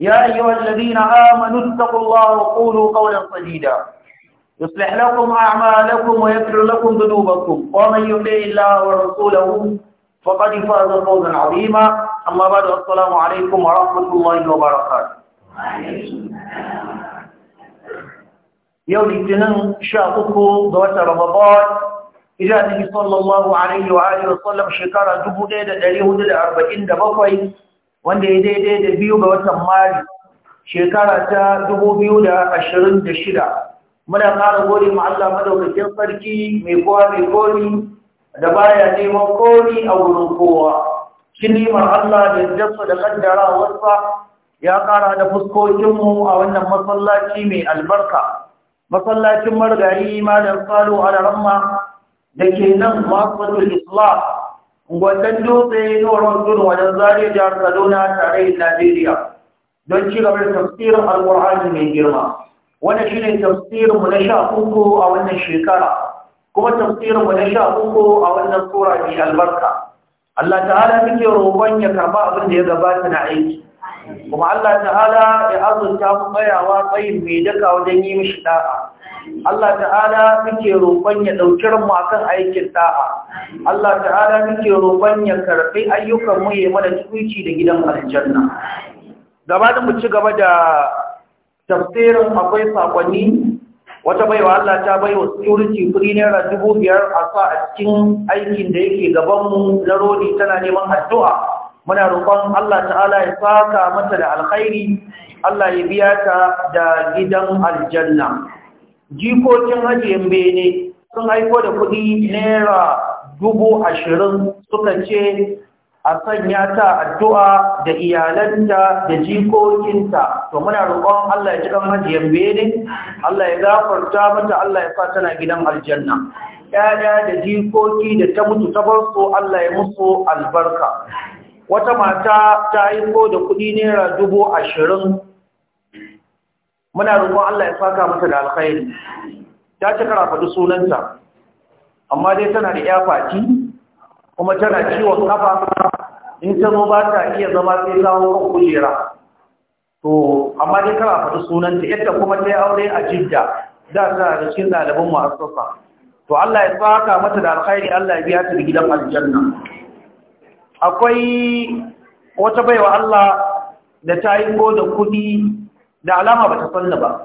يا أيها الذين آمنوا اتقوا الله وقولوا قولا صديدا يصلح لكم أعمالكم ويغفر لكم ذنوبكم ومن يطع الله ورسوله فقد فاز فوزا عظيما أما بعد السلام عليكم ورحمة الله وبركاته يوم الاثنين شاقكم دوات رمضان إذا النبي صلى الله عليه وآله وسلم شكرا دبو أربعين 147 wanda ya daidai da biyu ga watan mari shekara ta da ashirin da shida. muna ƙara gode ma Allah madaukakin sarki mai kowa mai koli da baya neman kori a wurin kowa shi neman Allah da jasa da kaddara wasa ya ƙara da fuskokinmu a wannan masallaci mai albarka masallacin margari malam salo a da ke nan masu islam Gwandan dutse Nuwarwan Zuru wajen zariya jihar Kaduna tarayyar Najeriya don ci gaba da tafsirin Alƙur'ani mai girma. Wannan shi ne tafsirinmu na sha uku a wannan shekara, kuma tafsirinmu na sha uku a wannan sura mai albarka. Allah ta'ala muke roƙon ya karɓa abin da ya gabata na aiki. Kuma Allah ta'ala ya azurta mu tsayawa tsayin mai daka wajen yi mishi da'a. Allah ta'ala muke roƙon ya dauki mu akan aikin da'a Allah ta'ala muke roƙon ya karɓi ayyukan mu ya mana tsuci da gidan aljanna gaba da mu ci gaba da tafsirin akwai sakonni wata baiwa Allah ta baiwa wa security kuri naira dubu biyar a sa a cikin aikin da yake gaban mu na rodi tana neman addu'a muna roƙon Allah ta'ala ya saka mata da alkhairi Allah ya biya ta da gidan aljanna jikokin hajiyan bene sun haiko da kuɗi naira dubu ashirin suka ce a sanya ta addu'a da iyalanta da jikokinta to muna rukon Allah ya ji kan hajiyan bene Allah ya gafarta mata Allah ya sa tana gidan aljanna ‘ya'ya da jikoki da ta mutu ta bar su Allah ya musu albarka wata mata ta haiko da kuɗi naira dubu ashirin muna roƙon Allah ya saka mata da alkhairi ta ci kara faɗi sunanta amma dai tana da yafaci fati, kuma tana ciwon kafa in ta zo ba ta iya zama sai ta kan kujera to amma dai kara faɗi sunanta yadda kuma ta yi aure a jidda da ta da cikin ɗaliban ma'asasa to Allah ya saka mata da alkhairi Allah ya biya ta da gidan aljanna akwai wata baiwa Allah da ta yi da kuɗi da alama ba ta ba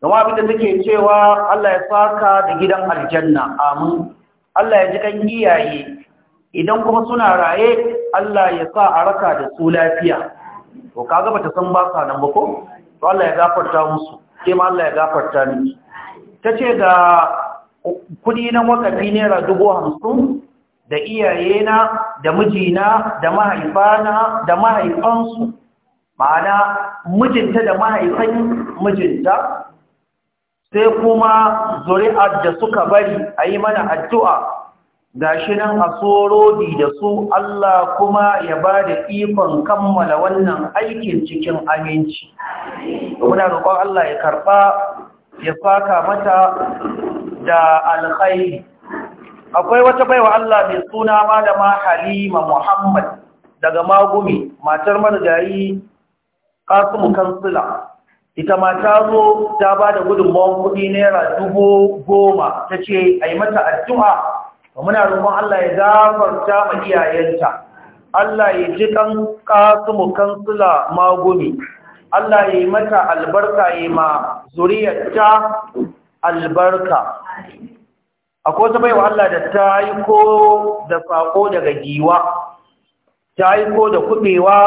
kuma abin da take cewa Allah ya saka da gidan aljanna amin Allah ya ji kan iyaye idan kuma suna raye Allah ya sa a raka da su lafiya to kaga gaba ta san ba sa nan ba ko to Allah ya gafarta musu ke ma Allah ya gafarta ni tace da kudi na wakafi naira dubu hamsin da iyayena da mijina da mahaifana da mahaifansu ma'ana mijinta da mahaifan mijinta sai kuma zuri'ar da suka bari a yi mana addu'a ga shi nan a da su Allah kuma ya ba da ikon kammala wannan aikin cikin aminci. Muna roƙon Allah ya karɓa ya faka mata da alkhairi. Akwai wata baiwa Allah mai suna malama Halima Muhammad daga Magumi, matar marigayi kasimu kansila ita ma ta zo ta ba da gudunmawar kuɗi naira dubu goma ta ce a yi mata addu'a muna rumun Allah ya zafarta ma iyayenta Allah ya ji kan kasimu kansila magumi Allah ya yi mata albarka ya ma zuriyarta albarka akwai wata baiwa Allah da ta yi ko da saƙo daga giwa ta yi ko da kuɓewa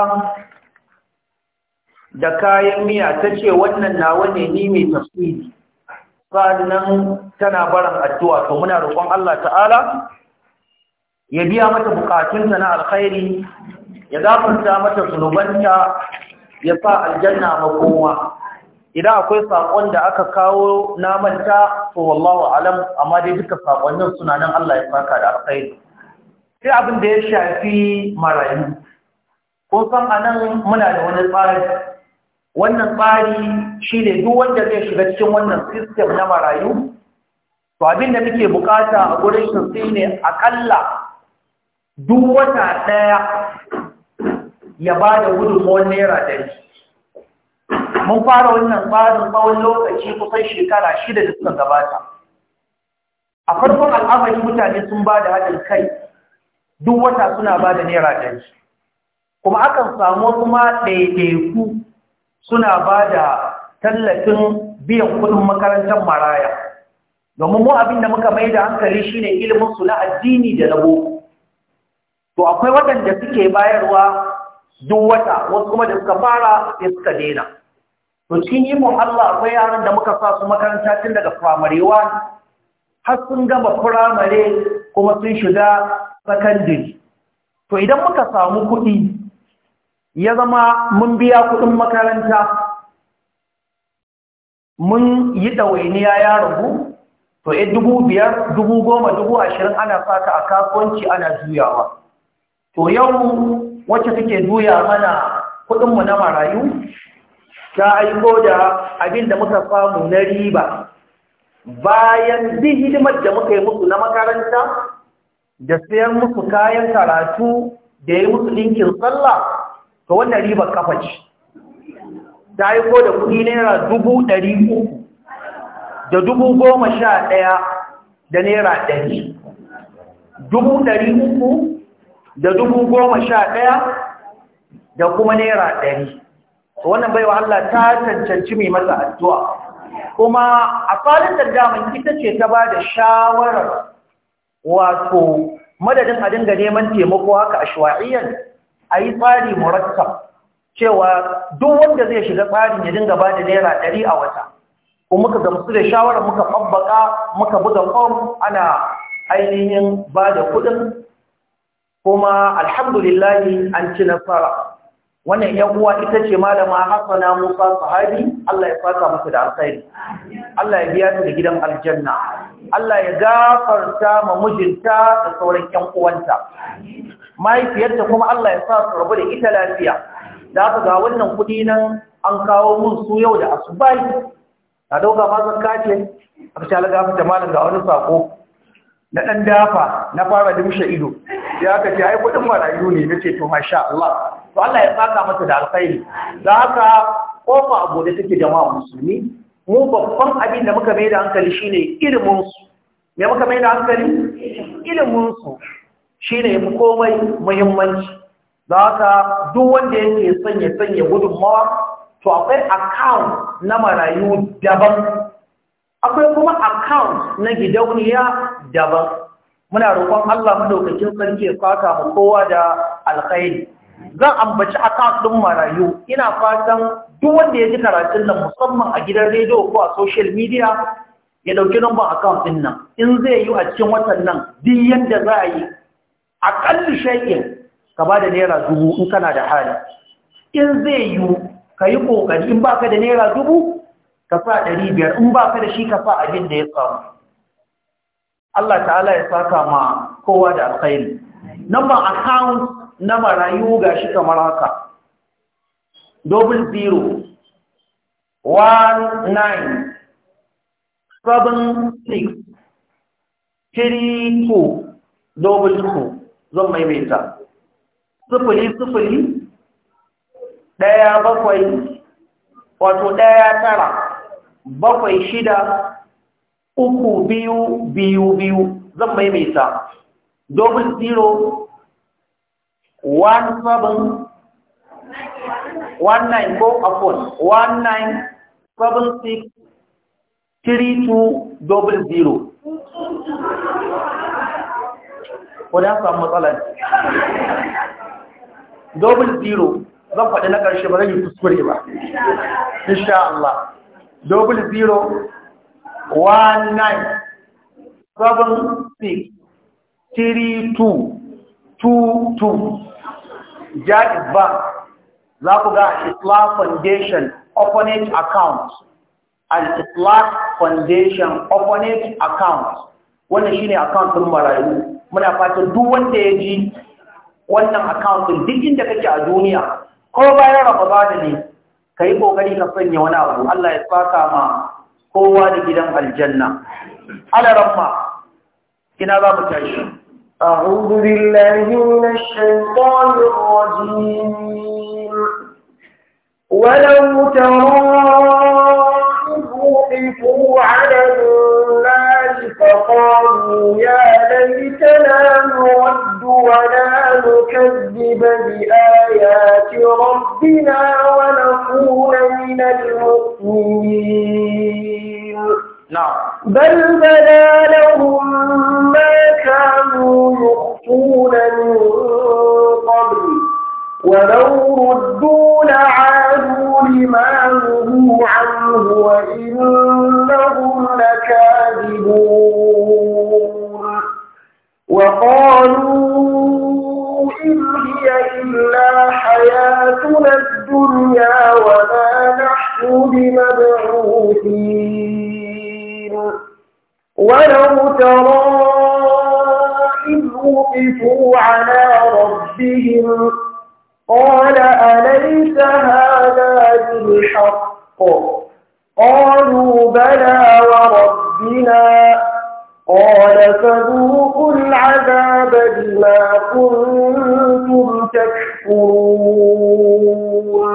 da kayan miya ta ce wannan na ne ni mai tafsiri sannan tana barin addu'a to muna roƙon Allah ta'ala ya biya mata bukatunta na alkhairi ya gafarta mata zunubanta ya sa aljanna makoma idan akwai saƙon da aka kawo na manta to wallahu alam amma dai duka saƙonnin suna nan Allah ya saka da alkhairi sai abin da ya shafi marayu ko san anan muna da wani tsari wannan tsari shi ne duk wanda zai shiga cikin wannan sistem na marayu to abin da muke bukata a gurin shi su ne akalla duk wata ɗaya ya ba da gudunmuwan naira ɗari mun fara wannan tsarin tsawon lokaci kusan shekara shida da suka gabata a farkon al'amari mutane sun ba da haɗin kai duk wata suna ba da naira ɗari kuma akan samu kuma ɗaiɗaiku suna ba da tallafin biyan kudin makarantar maraya domin mu abin da muka mai da hankali shine ilimin su na addini da na boko to akwai waɗanda suke bayarwa duk wata wasu kuma da suka fara sai suka daina to cikin Allah akwai yaran da muka sa su makaranta tun daga firamarewa. har sun gama firamare kuma sun shiga sakandiri. To idan muka samu kuɗi ya zama mun biya kuɗin makaranta mun yi ɗawainiya ya rubu to ya eh, dubu biyar dubu goma dubu ashirin ana fata a kasuwanci ana juyawa to yau wacce suke juya mana kuɗinmu na marayu ta aiko da abin da muka samu na riba bayan bi hidimar da muka yi musu na makaranta da sayar musu kayan karatu da ya yi musu ɗinkin sallah to wannan ribar kafa ce ta yi ko da kuɗi naira dubu ɗari uku da dubu goma sha ɗaya da naira ɗari dubu ɗari uku da dubu goma sha ɗaya da kuma naira ɗari wannan baiwa Allah ta cancanci mai masa addu'a kuma a falin da daman ita ce ta ba da shawarar wato madadin a dinga neman taimako haka a shuwa'iyyar a yi tsari murattab cewa duk wanda zai shiga tsarin ya dinga ba da naira ɗari a wata kuma muka gamsu da shawarar muka fabbaka muka buga kwam, ana ainihin ba da kuɗin kuma alhamdulillahi an ci nasara wannan yan uwa ita ce malama hasana musa sahabi Allah ya fata musu da alkhairi Allah ya biya ta da gidan aljanna Allah ya gafarta ma mijinta da sauran yan uwanta mahaifiyarta kuma Allah ya sa su rabu da ita lafiya da aka ga wannan kuɗi nan an kawo mun su yau da asubai na dauka ma zan kace a kashe alaga ta malam ga wani sako na ɗan dafa na fara dimshe ido ya aka ce ai kuɗin marayu ne nace to masha Allah to Allah ya saka mata da alkhairi da haka kofa abu da take jama'a musulmi mu babban abin da muka mai da hankali shine ilimin su me muka mai da hankali ilimin su shine ne komai muhimmanci Za haka duk wanda yake sanya sanya gudunmawa to akwai account na marayu daban akwai kuma account na gidauniya daban muna roƙon Allah madaukakin sarki ya fata mu kowa da alkhairi zan ambaci account ɗin marayu ina fatan duk wanda ya ji karatun nan musamman a gidan rediyo ko a social media ya ɗauki number account ɗin nan in zai yi a cikin watan nan duk yadda za a yi A ƙalli shayin ka ba da naira dubu in kana da hali in zai yi ka yi ƙoƙari in ba ka da naira dubu ka sa ɗari biyar in ba ka da shi ka sa abin da ya samu Allah ta'ala ya saka ma kowa da alkhairi number account na marayu ga shi kamar haka double zero one nine seven six three two double two zan maimaita sufuli sufuli ɗaya bakwai wato ɗaya tara bakwai shida uku biyu biyu biyu zan maimaita domin zero one seven one nine go a phone one nine seven six three two double zero ko da samu matsala ne double zero zan faɗi na ƙarshe ba zan yi kuskure ba insha Allah double zero one nine seven six three two two two Jaiz Bank za ku ga Islam Foundation Orphanage Account al Islam Foundation Orphanage Account wannan shine account ɗin marayu muna fatan duk wanda ya ji wannan akawuntun duk inda kake a duniya ko bayan da ne ka yi ƙoƙari ka sanya wani abu Allah ya faka ma kowa da gidan aljanna alaramma ina za mu tashi أعوذ بالله من الشيطان الرجيم ولو ترى وقفوا قالوا يا ليتنا نرد ولا نكذب بآيات ربنا ونكون من المؤمنين نعم بل بدا لهم ما كانوا يخفون من قبل ولو ردوا لعادوا لما نهوا عنه وإنهم حياتنا الدنيا وما نحن بمبعوثين ولو ترى إذ وقفوا على ربهم قال أليس هذا بالحق قالوا بلى وربنا قال فذوقوا العذاب بما كنتم تكفرون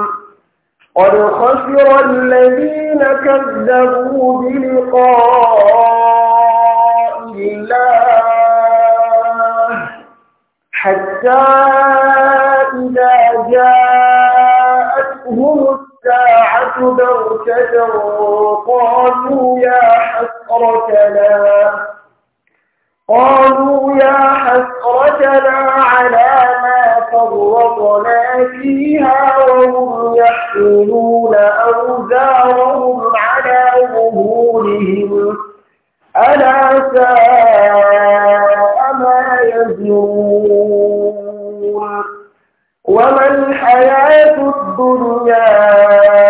قد خسر الذين كذبوا بلقاء الله حتى إذا جاءتهم الساعة بغتة قالوا يا حسرتنا قالوا يا حسرتنا على ما فرطنا فيها وهم يحملون أوزارهم على ظهورهم ألا ساء ما يزرون وما الحياة الدنيا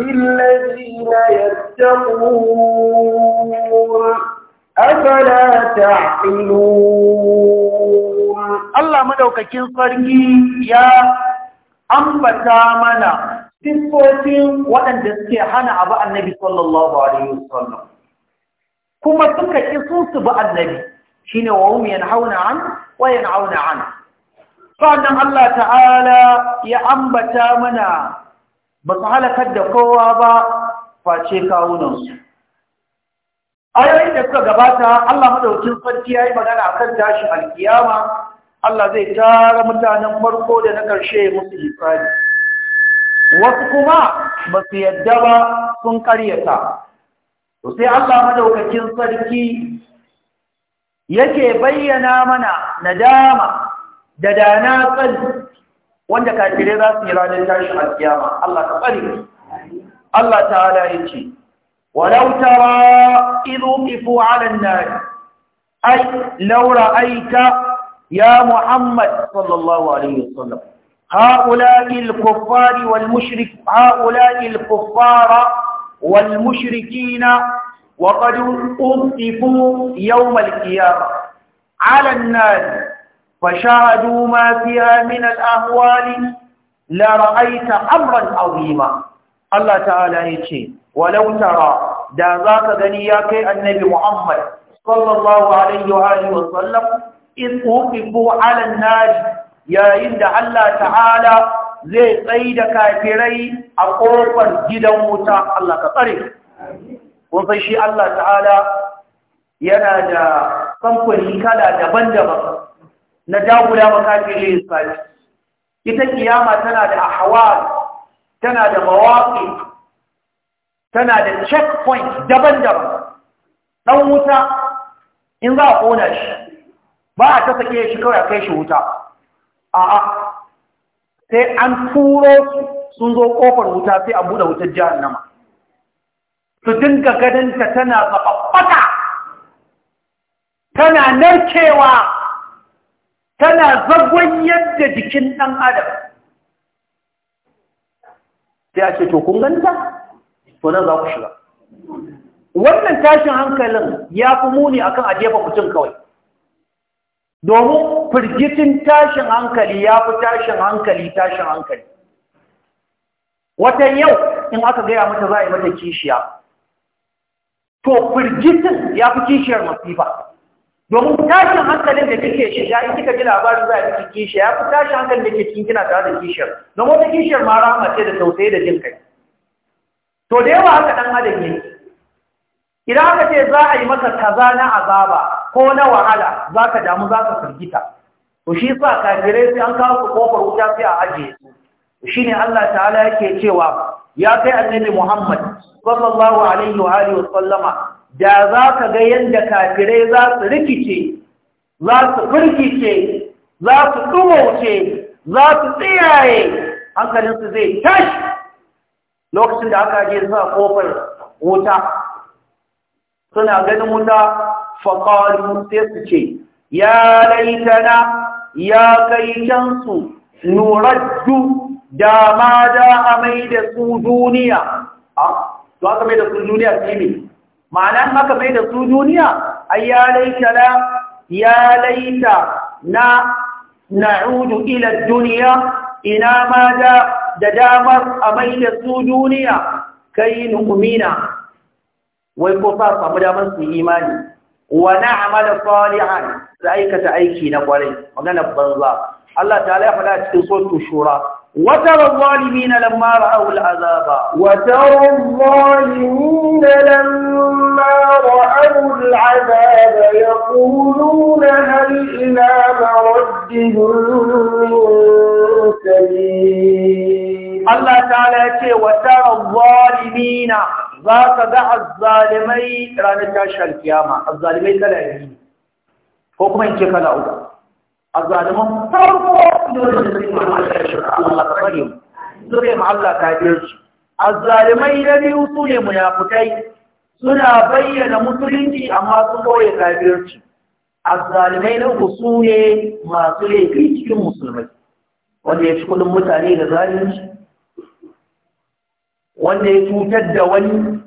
الذين يتقون أفلا تعقلون الله مدوككين صرقي يا أنبتا منا siffofin waɗanda suke hana abu annabi sallallahu alaihi wasallam kuma suka ƙi sun su bi annabi shine wa hum yanhauna an wa yan'auna an sannan Allah ta'ala ya ambata mana ba su halakar da kowa ba face kawunansu ayoyin da suka gabata Allah madaukin sarki ya yi magana akan tashin alkiyama Allah zai tara mutanen farko da na ƙarshe musu hisabi wasu kuma ba su yadda ba sun karyata to sai Allah madaukakin sarki yake bayyana mana nadama da dana tsari wanda kafirai za su yi ranar tashin alkiyama Allah ka tsare Allah ta'ala ya ce walau tara idhu qifu 'ala Ai nar ay law ra'aita ya Muhammad sallallahu alaihi wasallam هؤلاء الكفار والمشرك هؤلاء الكفار والمشركين وقد أطفوا يوم القيامة على النار fashahadu ma fiha min al-ahwal la ra'aita amran azima Allah ta'ala yace walau tara da zaka gani ya kai annabi Muhammad sallallahu alaihi wa sallam in uqifu 'ala an-nar ya inda Allah ta'ala zai tsayi da kafirai a kofar gidan wuta Allah ka tsare shi Allah ta'ala yana da kamfani kala daban-daban na dagula makafiri sai ita kiyama tana da ahawar tana da mawaƙi tana da checkpoint daban-daban Dan wuta in za a ƙona shi ba a ta ke shi kawai a kai shi wuta a'a sai an turo sun zo ƙofar wuta sai a bude wutar jihar nama su dinga gadanta tana zaɓaɓɓaka tana narkewa tana zagon yadda jikin ɗan adam sai a ce to ganta to nan za ku shiga wannan tashin hankalin ya fi muni akan a jefa mutum kawai domin firgitin tashin hankali ya fi tashin hankali tashin hankali watan yau in aka gaya mata za a yi mata kishiya to firgitin ya fi kishiyar masifa domin tashin hankalin da kike shiga in kika ji labarin za a cikin ya fi tashin hankalin da ke cikin kina tare da kishiyar don wata kishiyar ma rahama ce da tausayi da jin kai to da yawa haka dan adam ne. idan aka ce za a yi maka kaza na azaba ko na wahala za ka damu za ka firgita to shi sa kafirai sai an kawo su kofar wuta sai a ajiye su shi ne Allah ta'ala yake cewa ya kai annabi Muhammad sallallahu alaihi wa alihi wa sallama da za ka ga yadda kafirai za su rikice za su firkice za su ɗumauce za su tsiyaye hankalinsu zai tashi lokacin da aka je za kofar wuta suna ganin wuta faƙalu sai su ce ya laitana ya kai cansu nuraddu da ma da amai da su duniya a ah, to aka mai da su duniya su ma'ana maka aka mai da su duniya a ya laita ya laita na na'udu ila duniya ina ma da damar a mai da su duniya kai nu'mina wai ko sa samu damar su imani wa na'mala salihan da aikata aiki na kwarai magana banza Allah ta'ala ya faɗa cikin suratul shura وترى الظالمين لما رأوا العذاب وترى الظالمين لما رأوا العذاب يقولون هل إلى مرد سبيل الله تعالى وترى الظالمين ذاك دع الظالمين رانا تاشا القيامة الظالمين كلا يجي حكما كلا أولا azaliman farko dole da zai ma'ana Allah ta zai ma Allah ta birci azalimai na biyu su ne munafukai suna bayyana musulunci amma sun boye kafirci azalimai na ku su ne masu laifi cikin musulmai wanda ya ci kudin mutane da zalunci wanda ya cutar da wani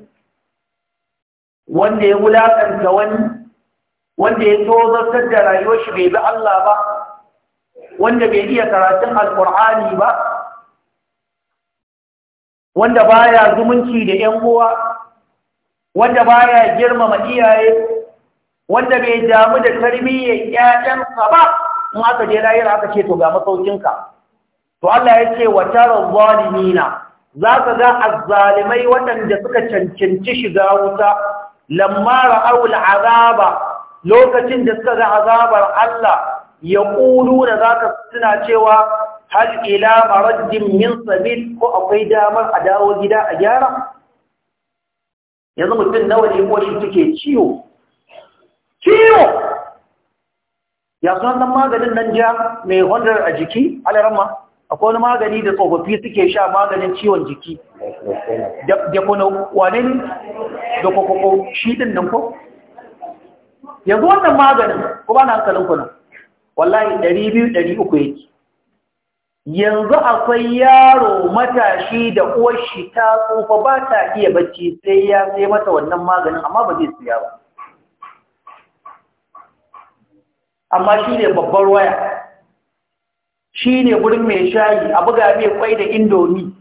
wanda ya wulakanta wani wanda ya tozartar da rayuwar shi bai bi Allah ba wanda bai iya karatun alkur'ani ba wanda baya zumunci da ƴan uwa wanda baya girmama iyaye wanda bai damu da tarbiyyar ƴaƴansa ba in aka je lahira aka ce to ga masaukinka to Allah ya ce wa tara zalimina za ka ga azzalimai waɗanda suka cancanci shiga wuta lamma ra'aul azaba lokacin da suka ga azabar Allah Ya ƙulu da za ka suna cewa hal ila maraddin min sabil ko akwai damar a dawo gida a gyara yanzu mutum nawa ne ko shi suke ciwo ciwo ya san maganin nan ja mai hundar a jiki alarama akwai wani magani da tsofaffi suke sha maganin ciwon jiki da kuna wane ne da kwakwakwo shi ɗin nan ko yanzu wannan maganin kuma na hankalin kuna wallahi ɗari biyu ɗari uku yake yanzu akwai yaro matashi da uwarshi ta tsufa ba ta iya bacci sai ya sai mata wannan maganin amma ba zai siya ba amma shi ne babbar waya shi ne wurin mai shayi a buga mai kwai da indomi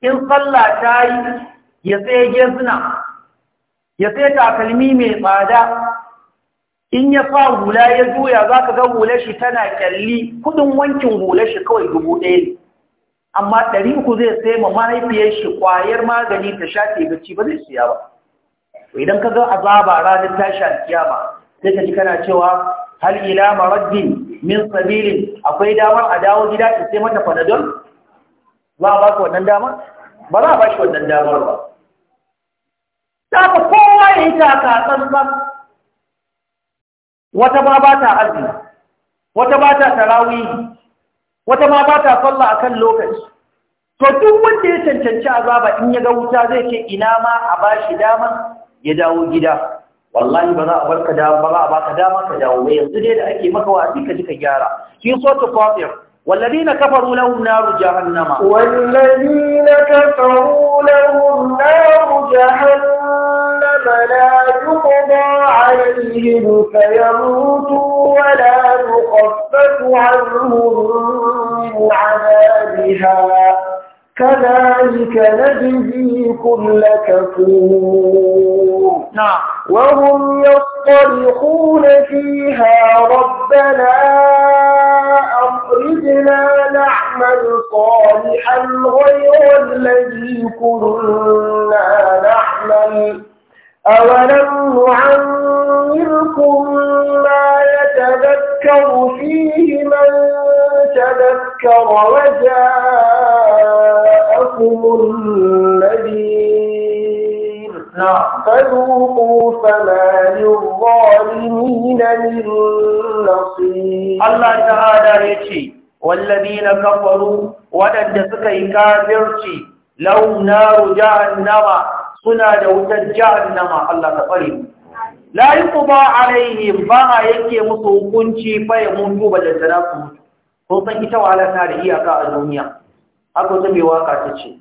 in sallah ta yi ya tsaye gezina ya tsaye takalmi mai tsada in ya fa hula ya juya za ka ga hular shi tana kyalli kudin wankin hular shi kawai dubu ɗaya ne amma ɗari uku zai sai ma mahaifiyar shi ƙwayar magani ta shafe bacci ba zai siya ba idan ka ga azaba ranar tashi alkiyama sai ka ji kana cewa hal ila maraddin min sabilin akwai damar a dawo gida ta sai mata panadol za a ka wannan damar ba za a shi wannan damar ba ta kowa ya yi taka tsantsan wata ma ba ta azumi wata ba ta tarawihi wata ma ba ta sallah akan lokaci to duk wanda ya cancanci azaba in ya ga wuta zai ce ina ma a bashi dama ya dawo gida wallahi ba za a barka dama ba za a baka dama ka dawo yanzu dai da ake maka wa'azi ka ji ka gyara kin so to kafir والذين كفروا لهم نار جهنم والذين كفروا لهم نار جهنم لا يقضى عليهم فيموتوا ولا يخفف عنهم من عذابها كذلك نجزي كل كفور نعم وهم يصطرخون فيها ربنا أخرجنا نعمل صالحا غير الذي كنا نعمل أولم نعمركم ما يتذكر فيه من تذكر وجاءكم النذير نعم. فذوقوا فما للظالمين من نصير الله تعالى يشي والذين كفروا ودد سكي كافرتي لو نار جهنم suna da wutar jahannama Allah ta tsare la yuqda alaihim ba yake musu hukunci fa mun duba da tsara su ko san ita wahala ta da iyaka a duniya haka ta mai waka ta ce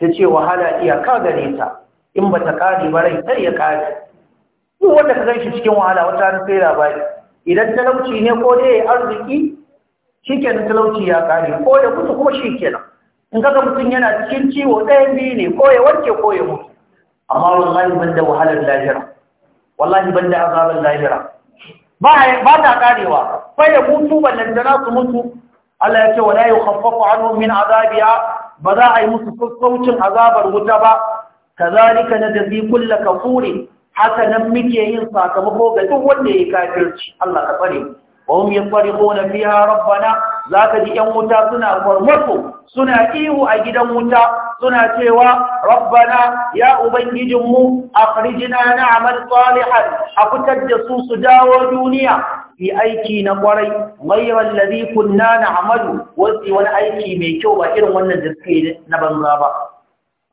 ta ce wahala iyaka gare ta in ba ta kare ba rai sai ya kare duk wanda ka ganshi cikin wahala wata ran sai labari idan talauci ne ko dai arziki shikenan talauci ya kare ko da kusa kuma shikenan in kaga mutum yana cikin ciwo ɗaya biyu ne ko ya warke ko ya mutu amma wallahi ban da wahalar lahira wallahi ban da azabar lahira ba ta karewa sai da mutu ballantana su mutu Allah ya ce wala yukhaffafu anhum min azabiha ba za a yi musu sassaucin azabar wuta ba kazalika najzi kullu kafurin haka nan muke yin sakamako ga duk wanda ya kafirci Allah ka tsare mu وهم يطرقون فيها ربنا ذاك دي أن متى سنة فرمته سنة إيه أجد متى سنة سوى ربنا يا أبنجي جمو أخرجنا نعمل صالحا أفتد سوس داو دنيا في أيكي نقري غير الذي كنا نعمل وسي وانا أيكي ميكو وإن وانا جسكي نبن رابا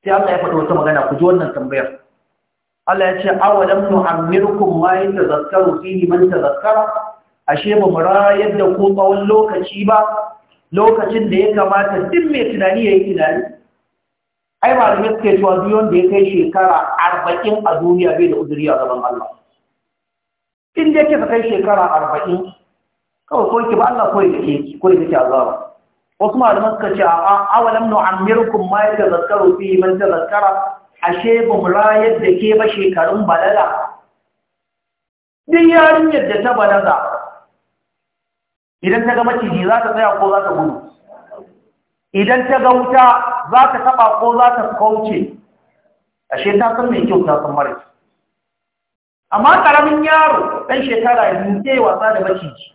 سيالله يفتوى سمغانا كجوانا تنبير Allah ya ce awalam nu'ammirukum ma yatazakkaru fihi man tazakkara ashe ba mu rayar da tsawon lokaci ba lokacin da ya kamata duk mai tunani ya yi tunani ai ba da yi cewa duyon da ya kai shekara arba'in a duniya bai da uzuri a gaban Allah in da ka kai shekara arba'in kawai ko ki ba Allah ko ya ke ko ya ke azaba wasu malaman suka ce a awalam nu'ammirkum ma yatazakkaru fi man tazakkara ashe ba mu rayar da ke ba shekarun balaga din yarinyar da ta balaga idan ta ga maciji za ta tsaya ko za ta gudu idan ta ga wuta za ta taba ko za ta kauce ashe ta san mai kyau ta san mara amma karamin yaro ɗan shekara biyu ke wasa da maciji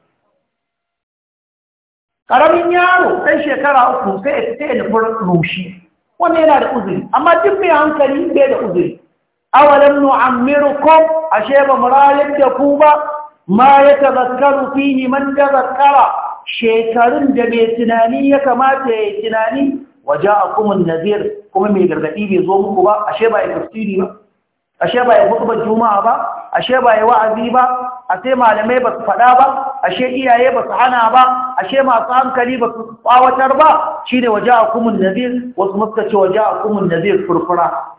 karamin yaro ɗan shekara uku sai ya fita da rushi wanda yana da uzuri amma duk mai hankali bai da uzuri awalan nu'ammirukum ashe ba mu rayar da ku ba ma ya tazakkaru fihi man tazakkara shekarun da mai tunani ya kamata ya yi tunani waje a kuma nazir kuma mai gargadi bai zo muku ba ashe ba ya tafsiri ba ashe ba ya hutubar juma'a ba ashe ba ya wa'azi ba ashe malamai ba su faɗa ba ashe iyaye ba su hana ba ashe masu hankali ba su tsawatar ba Shi ne waje a kuma nazir wasu muska ce waje a kuma nazir furfura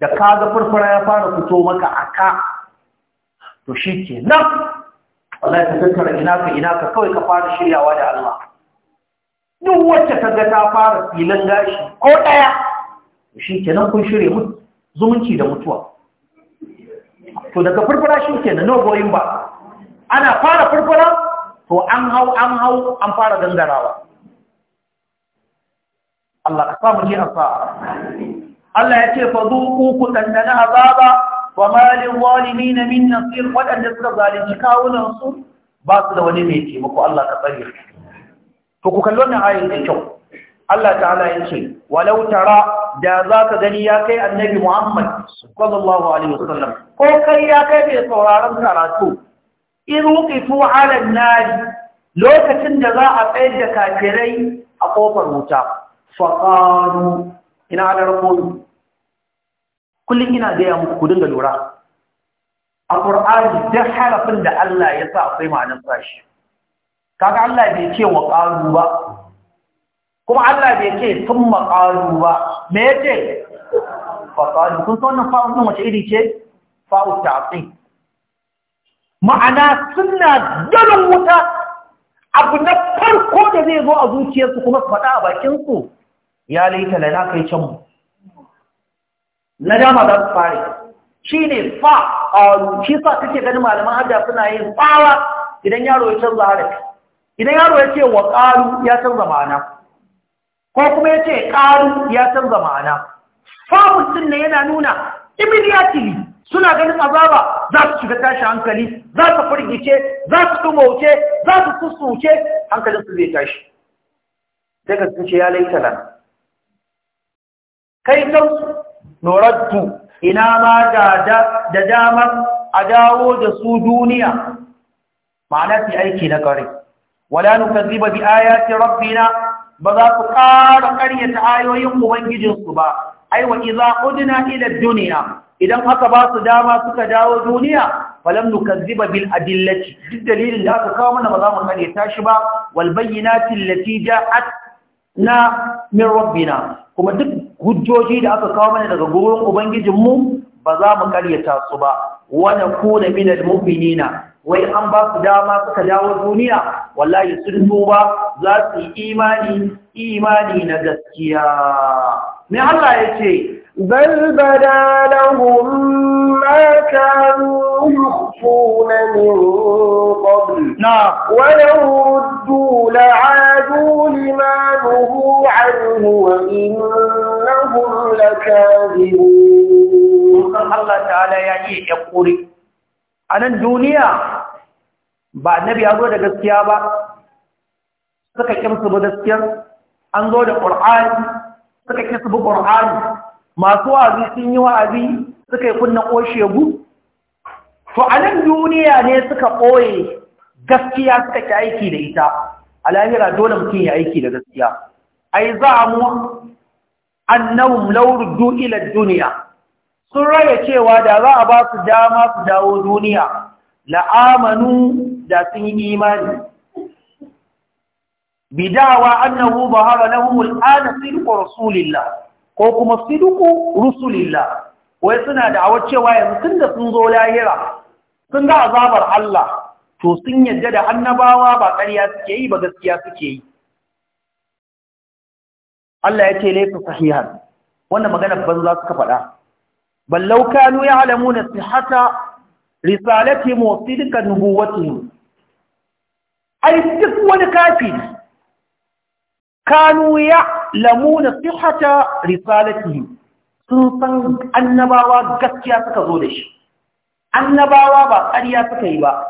da kaga furfura ya fara fito maka a ka to shi ke nan wallahi ka tattara ina ka ina ka kawai ka fara shiryawa da Allah duk wacce ka ga ta fara filin gashi ko ɗaya to shi ke nan kun shirya zumunci da mutuwa to daga furfura shi ke da nogoyin ba ana fara furfura to an hau an hau an fara gangarawa Allah ka samu ne a sa'a Allah ya ce fa zuku ku dandana azaba wa malin walimi na min nasir waɗanda suka zalunci kawunansu ba su da wani mai taimako Allah ka tsare to ku kallo wannan ayin da kyau Allah ta'ala ya ce walau tara da za ka gani ya kai annabi Muhammad sallallahu alaihi wasallam ko kai ya kai mai sauraron karatu in wuqifu ala an lokacin da za a tsayar da kafirai a kofar wuta faqalu ina da rabbul kullum ina gaya muku ku dinga lura a ƙur'ani duk harafin da Allah ya sa akwai ma'anar sashi kaga Allah bai ce wa ƙalu ba kuma Allah bai ce sun maƙalu ba me ya ce faƙalu kun san wannan sun wace iri ce fa'u ta'afi ma'ana suna ganin wuta abu na farko da zai zo a zuciyarsu kuma su faɗa a bakinsu ya laita lana kai can mu Na dama za su fare shi ne fa a um, shi sa kake ganin malaman hajja suna yin tsawa idan yaro ya canza harafi idan yaro ya ce wa ƙaru ya canza ma'ana ko kuma ya ce ƙaru ya canza ma'ana fa mutum ne yana nuna immediately suna ganin azaba za su shiga tashi hankali za su firgice za su wuce za su wuce hankalin su zai tashi sai ka ce ya laita nan kai kansu nurattu ina ma da damar a dawo da su duniya ma'ana fi aiki na kare wala nukazziba bi ayati rabbina ba za ku ƙara ƙaryata ayoyin ubangijinsu ba ai wa iza udna ila duniya? idan aka ba su dama suka dawo duniya falam nukazziba bil adillaci duk dalilin da aka kawo mana ba za mu kare ta shi ba wal bayyinati ja'at na min rabbina kuma duk hujjoji da aka kawo mana daga gurin ubangijinmu ba za mu karyata su ba wani kuna minal na wai an ba su dama suka dawo duniya wallahi sun tuba za su yi imani imani na gaskiya Me Allah ya ce بل بدا لهم ما كانوا يخفون من قبل نعم ولو ردوا لعادوا لما نهوا عنه وإنهم لكاذبون الله تعالى يعني يقول أنا الدنيا بعد نبي أقول لك السيابة suka kimsu gaskiyar an zo da ƙur'ani suka kimsu ƙur'ani masu wa'azi sun yi wa'azi suka yi kunna ƙoshegu to a nan duniya ne suka ɓoye gaskiya suka ki aiki da ita a lahira dole mutum ya aiki da gaskiya ai za mu annahum law ruddu duniya sun rage cewa da za a ba su dama su dawo duniya la'amanu da sun yi imani bidawa annahu bahara lahum al'ana sirqu rasulillah ko kuma siduku rusulillah wai suna da awar cewa yanzu tun da sun zo lahira sun ga azabar Allah to sun yadda da annabawa ba ƙarya suke yi ba gaskiya suke yi Allah ya ce laifin sahihan wannan magana banza suka faɗa ballau kanu ya'lamuna sihhata risalatihim wa sidqa nubuwwatihim ai duk wani kafin, kanu ya na sihhata risalatihi sun san annabawa gaskiya suka zo da shi annabawa ba ƙarya suka yi ba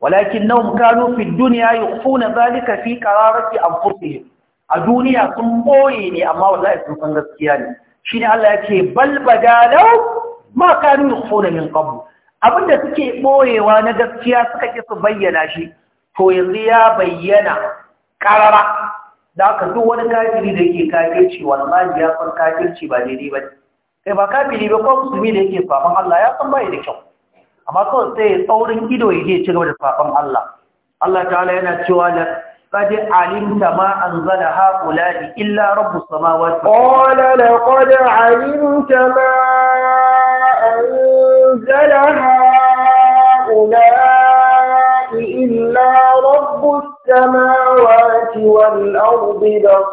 walakin nahum kanu fi dunya yukhfuna zalika fi qararati anfusihim a duniya sun boye ne amma wallahi sun san gaskiya ne shine Allah yake bal badalau ma kanu yukhfuna min qabl abinda suke boyewa na gaskiya suka ki su bayyana shi to yanzu ya bayyana karara da aka duk wani kafiri da yake kafirci wallahi ya san kafirci ba daidai ba kai ba kafiri ba ko musulmi da yake faman Allah ya san bai da kyau amma kawai sai ya tsaurin ido ya je gaba da faman Allah Allah ta'ala yana cewa da قد علمت ما أنزل هؤلاء إلا رب السماوات قال لقد علمت ما أنزل هؤلاء الأرض لصائر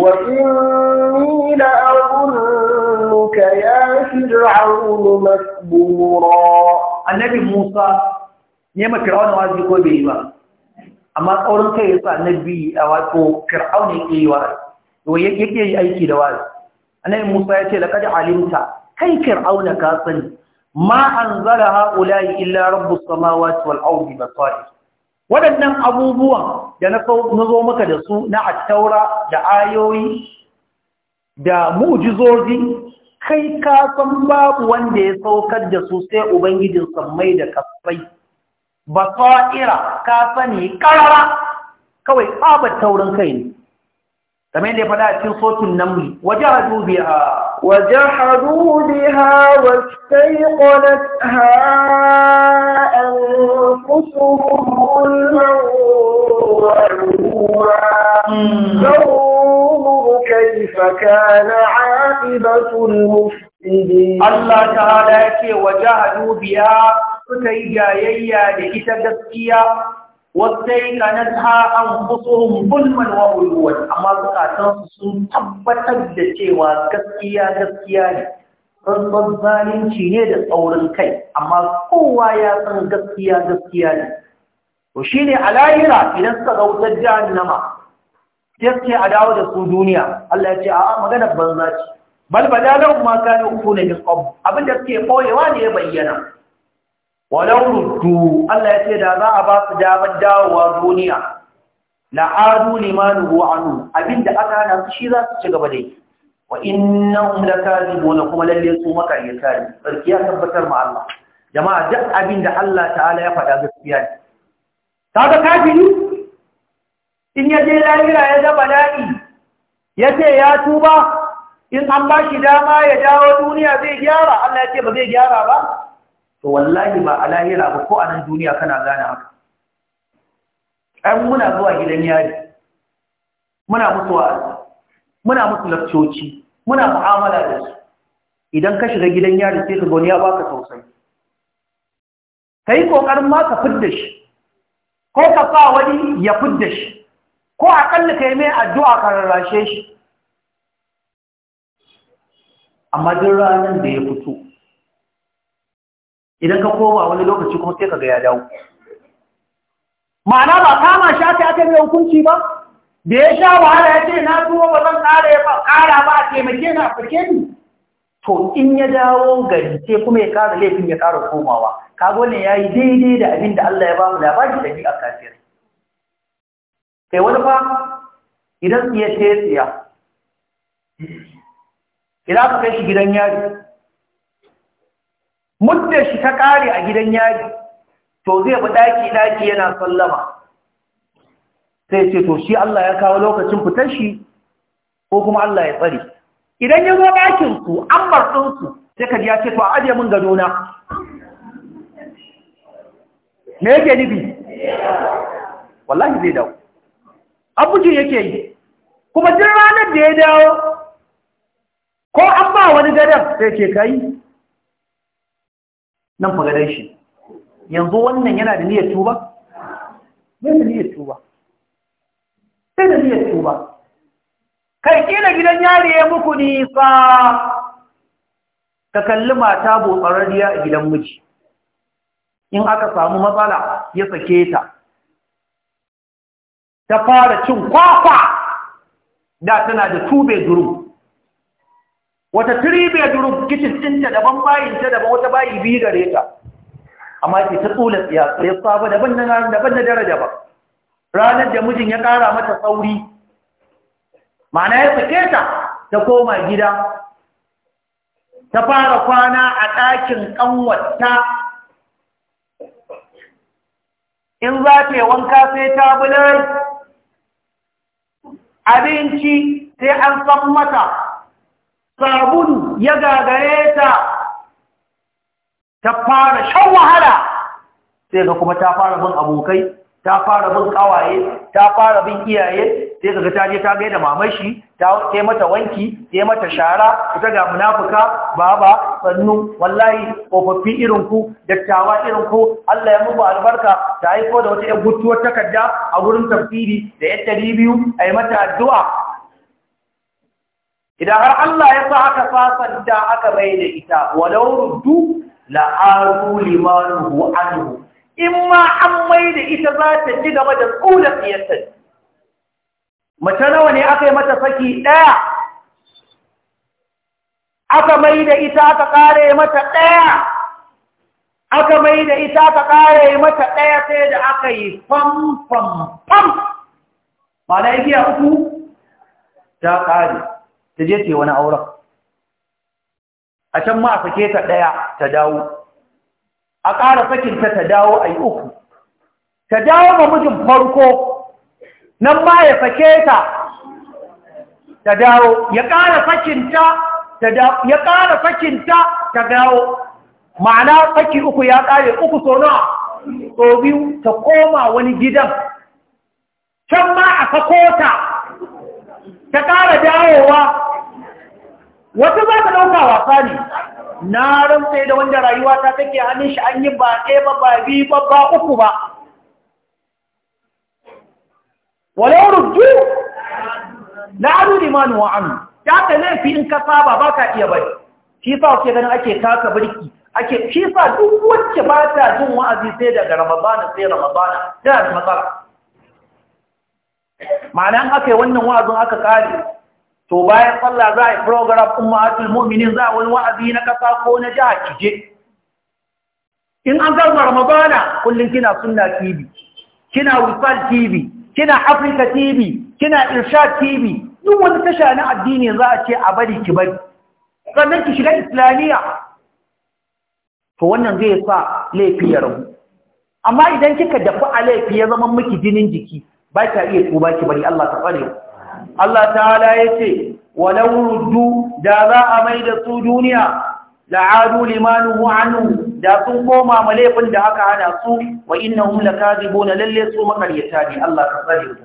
وإني لأظنك يا فرعون مكبورا النبي موسى نعم فرعون وعزي كوي أما أورن كيسا النبي أواتو فرعون إيه ويكي أي كي دواز النبي موسى يقول لقد علمت كي فرعون كاسني ما أنزل هؤلاء إلا رب السماوات والأرض بصائر waɗannan abubuwan da na zo maka da su na attaura da ayoyi da mujizozi kai ka san babu wanda ya saukar da su sai ubangijin sammai da kasfai ba sa'ira ka sani ƙarara. kawai ƙabar taurin kai ne kamar da ya faɗa a cikin sotun namli wajahadu biha wajahadu biha wastayqanatha anfusuhum ulman wa ulwa فانظر كيف كان عاقبة المفسدين الله تعالى suka yi jayayya da ita gaskiya ta واستيقنتها أنفسهم ظلما وعلوا amma زكاتان sun tabbatar da cewa gaskiya gaskiya ne rantsan zalunci ne da tsaurin kai amma kowa ya san gaskiya gaskiya ne to ne a lahira idan suka ga wutar jahannama sai suke a dawo da su duniya Allah ya ce a'a maganar banza ce bal bada lahum ma kanu yufuna min qabl abinda suke koyewa ne ya bayyana walau ruddu Allah ya ce da za a ba su damar dawowa duniya la adu limanu anu abinda aka hana su shi za su ci gaba da yi wa innahum lakazibuna kuma lalle su makaryata ne sarki ya tabbatar ma Allah jama'a duk abinda Allah ta'ala ya faɗa gaskiya ne ga kafiri in ya je lahira ya ga la'i. ya ce ya tuba in an ba shi dama ya dawo duniya zai gyara Allah ya ce ba zai gyara ba to wallahi ba a lahira ba ko a nan duniya kana gane haka ai muna zuwa gidan yari muna musu wa'azi muna musu lafcoci muna mu'amala da su idan ka shiga gidan yari sai ka gani ya baka tausayi kai kokarin ma ka fidda shi ko ka sa wani ya fidda shi ko ka kai mai addu'a ka rarrashe shi amma duk ranar da ya fito idan ka koma wani lokaci kuma sai ka ga ya dawo ma'ana ba kama shi aka aka yi hukunci ba da ya sha wahala ya ce na tuwo ba zan ƙara ya ƙara ba a taimake na afirke ni to in ya dawo gari ce kuma ya ƙara laifin ya ƙara komawa ka ne ya yi daidai da abin da Allah ya ba mu labari da ni a kafir kai wani fa idan ya ta tsiya idan aka kai shi gidan yari Mudda shi ta kare a gidan yari to zai bi daki daki yana sallama sai ce to shi Allah ya kawo lokacin fitar shi ko kuma Allah ya tsare idan ya zo dakin su ambar din su sai kaji ya ce to a aje min gado na me yake nibi wallahi zai dawo abuji yake yi kuma jin ranar da ya dawo ko an ba wani gadon sai ce kai nan fagadan shi yanzu wannan yana da niyyar tuba yana da niyyar tuba sai da niyyar tuba kai kila gidan yari ya muku nisa ka kalli mata botsararriya a gidan miji in aka samu matsala ya sake ta ta fara cin kwakwa da tana da tube duru wata three bedroom kitchen tinta daban bayin ta daban wata bayi biyu gare ta amma ki ta tsula tsiya sai saba daban na daban da daraja ba ranar da mijin ya ƙara mata sauri ma'ana ya sake ta ta koma gida ta fara kwana a ɗakin ƙanwata in za ta yi wanka sai ta bulai abinci sai an san mata sabulu ya gagare ta ta fara shan wahala sai ga kuma ta fara bin abokai ta fara bin kawaye ta fara bin iyaye sai ga ta je ta ga da mamashi ta ke mata wanki ta mata shara ita ga munafuka baba sannu wallahi kofofi irinku, ku dattawa irin ku Allah ya muku albarka ta aiko da wata yan gutuwar takarda a gurin tafsiri da yadda dari biyu a yi mata addu'a idan har Allah ya sa aka fasanta aka mai ita walau ruddu la aru limanuhu anhu in ma an maida ita za ta ci gaba da tsula tsiyarta mace nawa ne aka yi mata saki ɗaya aka maida ita aka ƙare mata ɗaya aka maida da ita aka ƙare mata ɗaya sai da aka yi fam fam fam ma na igiya uku ta ƙare ta je ce wani auren a can ma a sake ta ɗaya ta dawo a ƙara sakinta ta dawo a yi uku ta dawo mamijin farko nan ma ya sake ta ta dawo ya ƙara sakinta ya ƙara sakinta ta dawo ma'ana saki uku ya ƙare uku so na so biyu ta koma wani gidan can ma a sako ta ta ƙara dawowa wata za ka ɗauka wasa ne na ramsai da wanda rayuwa ta take hannun shi an yi ba ɗaya ba ba biyu ba ba uku ba walau rubu la'adu limanu wa anu ta ka laifi in ka saba ba ka iya bari shi sa ke ganin ake taka birki ake shi sa duk wacce ba ta jin wa'azi sai daga ramadana sai ramadana tana da matsala ma'ana aka yi wannan wa'azin aka kare to bayan sallah za a yi program ummatul mu'minin za a wani wa'azi na kasa ko na jiha kije in an zama ramadana kullum kina sunna tv kina wisal tv kina Afirka tv kina irshad tv duk wani tasha na addini za a ce a bari ki bari sannan ki shiga islamiyya to wannan zai sa laifi ya rabu amma idan kika dafa a laifi ya zama miki jinin jiki ba ta iya tuba ki bari Allah ta tsare ku Allah ta'ala ya ce walau ruddu da za a mai da su duniya la'adu Limanu anhu da sun koma malefin da aka hana su wa innahum bona lalle su makaryata ne Allah ta tsare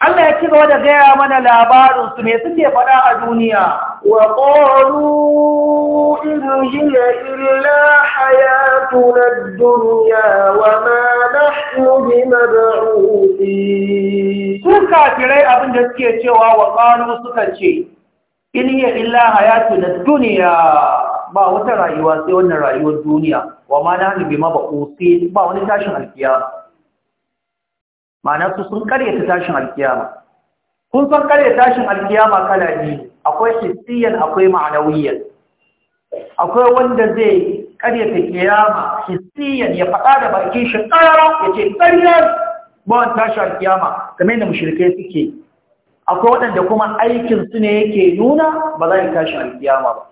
Allah ya ci gaba da gaya mana labarinsu me suke faɗa a duniya وقالوا إن هي إلا حياتنا الدنيا وما نحن بمبعوثين سوكا تري أبن جسكي تشوى وقالوا سوكا إن هي إلا حياتنا الدنيا ba wata rayuwa rayuwar duniya wa ma na ba wani tashin sun karya ta tashin kun san karya tashin alkiyama kala akwai hissiyan akwai ma'anawiyan akwai wanda zai karyata kiyama hissiyan ya faɗa da bakin shi ƙara ya ce ƙaryar bawan tashi a kiyama game da mushrikai suke akwai waɗanda kuma aikin su ne yake nuna ba za a tashi a kiyama ba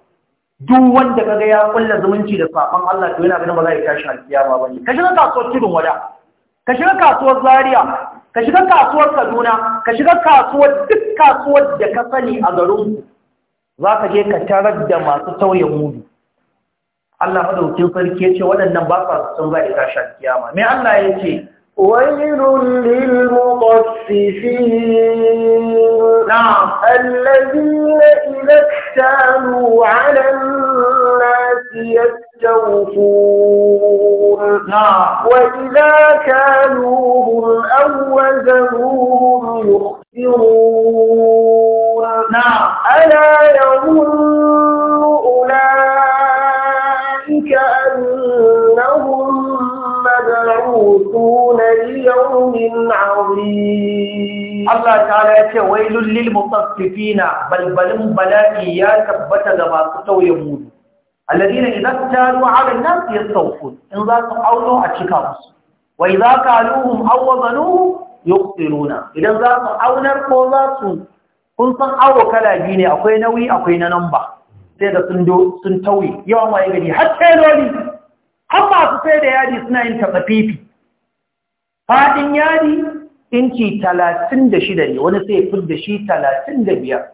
duk wanda kaga ya kulla zumunci da safan Allah to yana ganin ba za a tashi a kiyama ba ne ka shiga kasuwar tudun wada ka shiga kasuwar zaria ka shiga kasuwar Kaduna ka shiga kasuwar duk kasuwar da ka sani a garin za ka je ka tarar da masu tauye mudu Allah madaukin sarki ya ce waɗannan ba sa sun za a isa shan kiyama me Allah ya ce ويل للمطففين نعم الذين إذا اكتالوا على الناس يستوفون نعم وإذا كانوهم أو وزنوهم يخسرون نعم ألا يظن أولئك yawmin azim Allah ta'ala ya ce wailul lil mutaffifina balbalin bala'i ya tabbata ga masu tauye mudu alladina idza taru 'ala an-nas yastawfun in za su aulo a cika musu wa idza kaluhum aw wazanu yuqtiruna idan za su aunar ko za su kun san awo kala biyu ne akwai nauyi akwai na namba sai da sun do sun yawan waye gari har sai roli har ba su sai da yadi suna yin tafafifi faɗin yari inci talatin da shida ne wani sai fi da shi talatin da biyar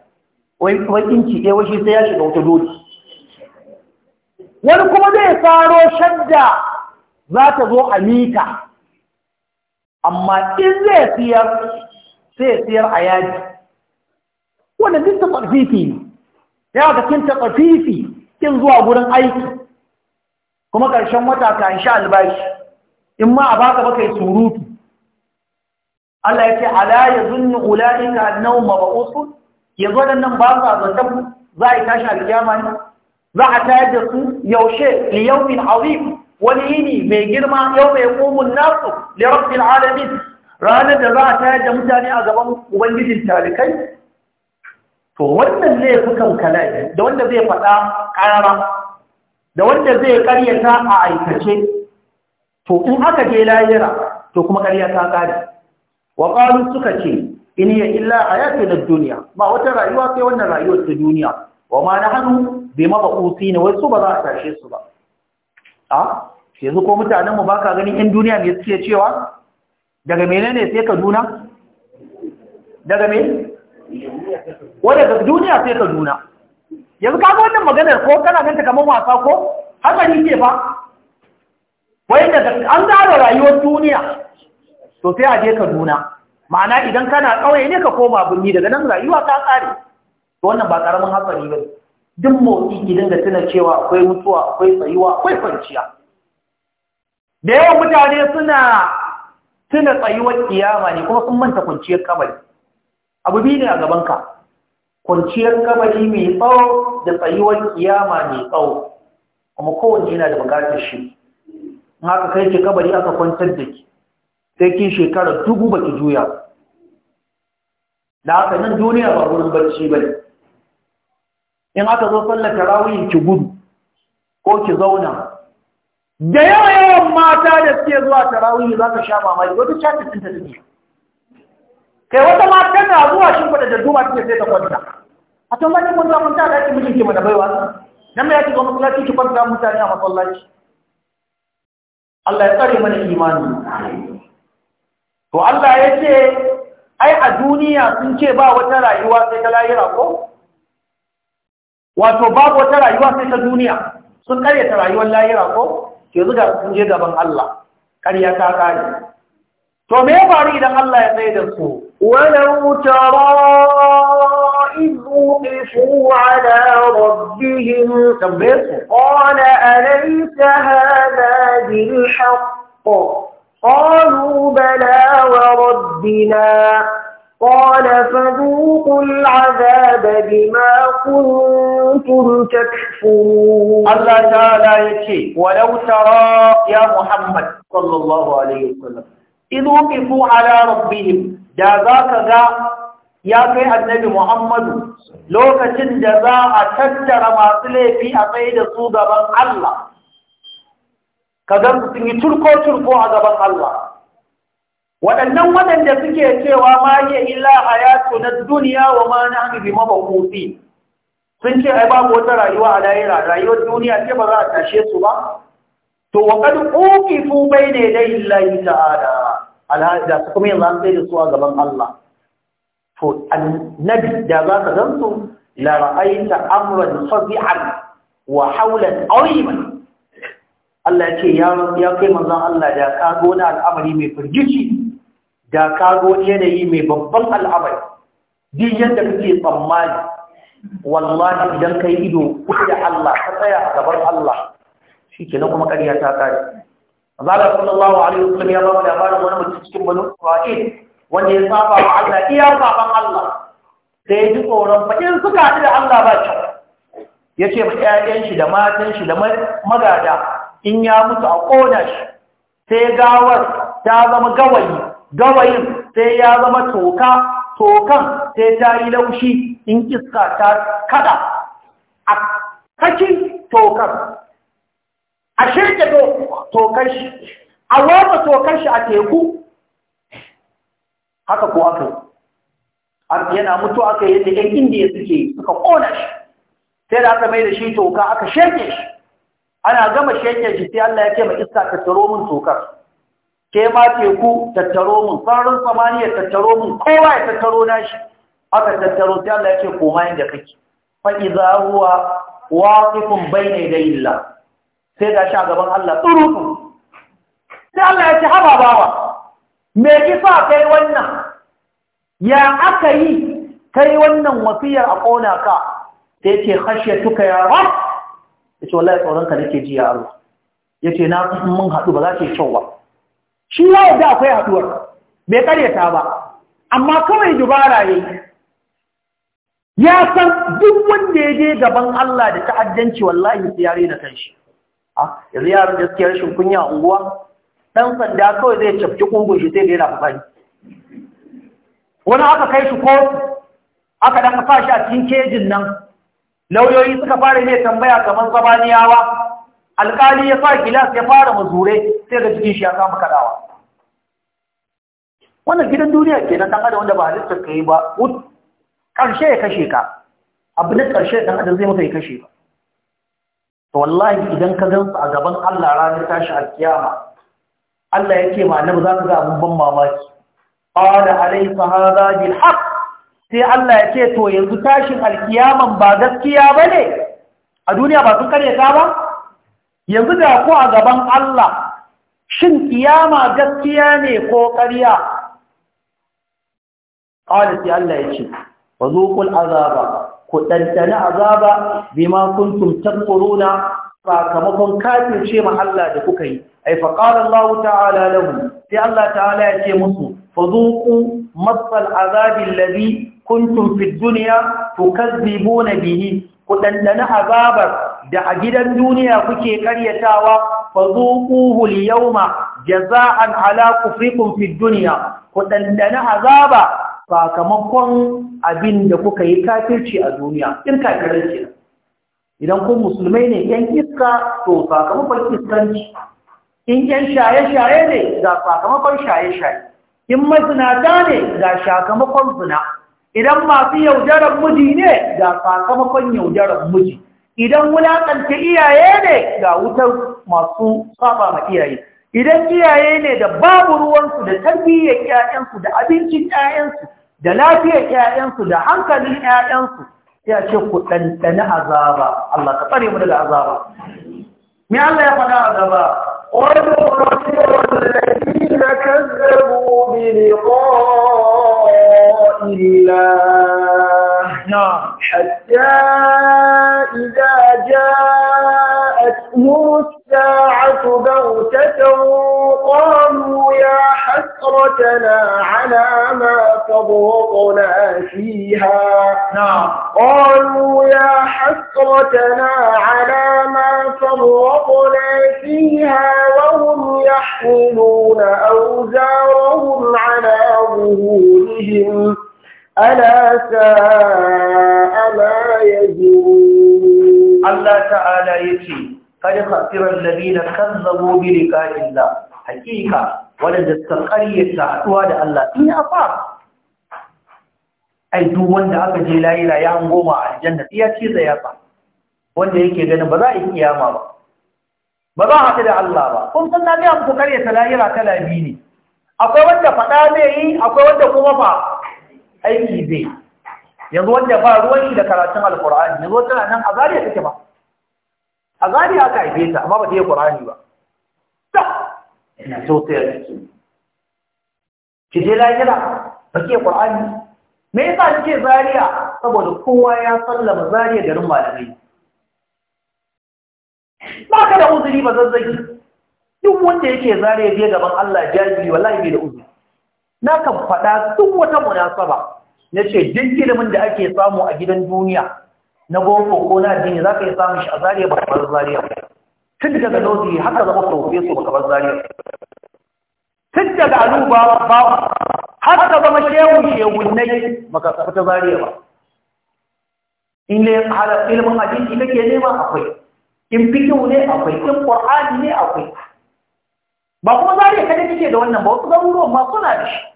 wani inci ɗaya washi sai ya shiga wata doki wani kuma zai faro shadda za ta zo a mita amma in zai siyar sai siyar a yaji Wani duk ta ƙarfifi ne ya ga kin ta ƙarfifi kin zuwa gurin aiki kuma ƙarshen wata ka sha albashi in ma a baka baka yi surutu Allah ya ce ala ya zunnu ula'ika annahum zo yanzu nan ba a zantan za a tashi alkiyama ne za a tayar da su yaushe li yawmin azim wani yini mai girma yau mai qumun nasu li rabbil alamin ranar da za a tayar da mutane a gaban ubangijin talikai to wannan ne fukan kalai da wanda zai faɗa ƙarara da wanda zai ƙaryata a aikace to in aka je lahira to kuma karya ta ƙare wa suka ce in ya illa na duniya, ba wata rayuwa sai wannan rayuwar ta duniya wa ma na hanu bi ba'uti ne wai su ba za a tashe su ba a yanzu ko mutanen mu baka ganin in duniya ne suke cewa daga menene sai Kaduna daga me wanda daga duniya sai Kaduna yanzu kaga wannan maganar ko kana ganta kamar wasa ko haka ni ke fa wai daga an gara rayuwar duniya to sai a je Kaduna ma'ana idan kana ƙauye ne ka koma birni daga nan rayuwa ta tsare to wannan ba karamin hatsari ba duk motsi ki dinga tuna cewa akwai mutuwa akwai tsayuwa akwai kwanciya da yawan mutane suna tuna tsayuwar kiyama ne kuma sun manta kwanciyar kabari abu biyu ne a gabanka kwanciyar kabari mai tsawo da tsayuwar kiyama mai tsawo kuma kowanne yana da bukatar shi in aka kai ki kabari aka kwantar da ki sai kin shekara dubu baki juya da haka nan duniya ba wurin barci ba ne in aka zo sallar tarawihin ki gudu ko ki zauna da yawa yawan mata da suke zuwa tarawih za ka sha mamaki wata chatin ɗinta take kai wata mata na zuwa shimfiɗa da duma take sai ta kwanta a tun bani kun zamun da ki mijinki mana baiwa nan mai yaki zo masallaci ki kwanta mutane a masallaci Allah ya tsare mana imani to Allah ya ce ai a duniya sun ce ba wata rayuwa sai ta lahira ko wato babu wata rayuwa sai ta duniya sun karyata rayuwar lahira ko ke zuga sun je gaban Allah karya ta kare to me ya faru idan Allah ya tsaye da su walau tara إذ وقفوا على ربهم قال أليس هذا بالحق قالوا بلى وربنا قال فذوقوا العذاب بما كنتم تكفرون الله تعالى يكي ولو ترى يا محمد صلى الله عليه وسلم إذ وقفوا على ربهم جازاك ذا يا كي النبي محمد لو كتن جزاء تجر ما في أقيد صودا الله ka gan sun yi turko-turko a gaban Allah waɗannan waɗanda suke cewa ma yi illa hayatu na duniya wa ma na hannu bi mabakuti sun ce ai babu wata rayuwa a layira rayuwar duniya ce ba za a tashe su ba to wa ne uqifu bayna yaday illahi ta'ala alhaja su kuma yanzu an da su a gaban Allah to annabi da za ka gansu la ra'aita amran fazi'an wa hawlan aziman Allah ya ce ya kai manzon Allah da ka na al'amari mai firgici da ka yanayi mai babban al'amari duk yadda kake tsammani wallahi idan kai ido kuɗi da Allah ka tsaya a gaban Allah shi ke na kuma ƙarya ta kare Allah wa alaihi wasallam ya ba mu labarin wani mutum cikin banu Isra'il wanda ya saba wa Allah iya saban Allah sai ya ji tsoron faɗin suka haɗu da Allah ba can. ya ce ma 'ya'yan shi da matan shi da magada in ya mutu a ƙona shi sai gawar ta zama gawayi gawayin sai ya zama toka tokan sai ta yi laushi in iska ta kada a kakin tokan a shirke tokan shi a wata tokan shi a teku haka ko aka har yana mutu aka yi yadda ‘yan indiya suke suka ƙona shi sai da aka mai da shi toka aka shirke shi ana gama sheke shi sai Allah ya ce ma iska tattaro mun tokar ke ma teku tattaro mun sararin samaniya tattaro mun, kowa ya tattaro nashi aka tattaro sai Allah ya ce koma inda kake fa iza huwa waqifun bayna dayilla sai ga shi a gaban Allah tsuru sai Allah ya ce haba bawa me kisa kai wannan ya aka yi kai wannan wasiyar a kona ka sai ce khashiyatuka ya rabb ya ce wallahi tsoron ka nake ji ya Allah ya ce na mun haɗu ba za ta yi kyau ba shi ya da akwai haɗuwar bai karyata ba amma kawai dubara ya yi ya san duk wanda ya je gaban Allah da ta'addanci wallahi su yare da kanshi a yanzu ya da suke rashin kunya unguwa dan sanda kawai zai cafke kungun shi sai da yana fafani wani aka kai shi ko aka dan kafa shi a cikin kejin nan lauyoyi suka fara mai tambaya kamar zabaniyawa alkali ya sa gilas ya fara mazure sai da cikin shi ya kama kadawa wannan gidan duniya ke nan adam wanda ba halittar ka yi ba ƙarshe ya kashe ka abu na ƙarshe ɗan adam zai maka ya kashe ba to wallahi idan ka su a gaban Allah ranar tashi alkiyama Allah yake ma annabi za ka ga abin ban mamaki qala alaysa hadha bil haqq sai Allah ya ce to yanzu tashin alkiyaman ba gaskiya ba ne a duniya ba sun karyata ba yanzu da ku a gaban Allah shin kiyama gaskiya ne ko ƙarya ƙawar sai Allah ya ce wa zuƙul azaba ku ɗanɗana azaba bima kuntum tadkuruna sakamakon kafin ce ma Allah da kuka yi ai fa Allah ta'ala lahu sai Allah ta'ala ya ce musu fadhuqu masal azabi alladhi kuntum fi duniya tukazzibuna bihi ku dandana azabar da a gidan duniya kuke karyatawa fazuquhu al-yawma jaza'an ala kufrikum fi duniya ku dandana azaba sakamakon abin da kuka yi kafirci a duniya in kafirai kenan idan kun musulmai ne yan iska to sakamakon iskanci in yan shaye-shaye ne ga sakamakon shaye-shaye in mazinata ne ga sakamakon zina idan masu yaudarar miji ne ga sakamakon yaudarar miji idan wulaƙanta iyaye ne ga wutar masu saba ma iyaye idan iyaye ne da babu ruwansu da tarbiyyar 'ya'yansu da abincin 'ya'yansu da lafiyar 'ya'yansu da hankalin 'ya'yansu ya ce ku ɗanɗani azaba Allah ka tsare mu daga azaba me Allah ya faɗa azaba وَالَّذِينَ كَذَّبُوا بِلِقَاءِ الله نعم. حتى إذا جاء جاءتهم الساعة بغتة نعم. قالوا يا حسرتنا على ما فرطنا فيها قالوا يا حسرتنا على ما فرطنا فيها وهم يحملون أوزارهم على ظهورهم ألا ساء ما na الله تعالى يتي قد خسر الذين كذبوا بلقاء الله حقيقة ولد السقرية سعدوا ده الله أفار أي دوان ده أكا جيلاي لا a مع الجنة يا كيزة يا صاحب wanda yake ganin ba za a yi kiyama ba ba za a da Allah ba kun san na a muku karya ta lahira ta labi ne akwai wanda faɗa zai yi akwai wanda kuma fa aiki zai yanzu wanda ba ruwan shi da karatun alkur'ani yanzu tana nan a zariya take ba a zariya aka haife ta amma ba ta yi ƙur'ani ba ina so ta yi ki je lahira ba ke ƙur'ani? me yasa kike zariya saboda kowa ya sallama zariya garin malamai ba ka da uzuri ba zazzagi duk wanda yake zariya je gaban Allah jaji wallahi bai da uzuri na kan faɗa duk wata munasaba na ce duk ilimin da ake samu a gidan duniya na goko ko na addini za ka yi samun shi a zariya ba kamar zariya tun daga nozi haka zama su ba kamar zariya tun daga alu ba ba har ka zama ba ka baka ta zariya ba in ne hada ilimin addini kake nema akwai in fikin ne akwai in qur'ani ne akwai ba kuma zariya kada kike da wannan ba wasu zaurowa ma suna da shi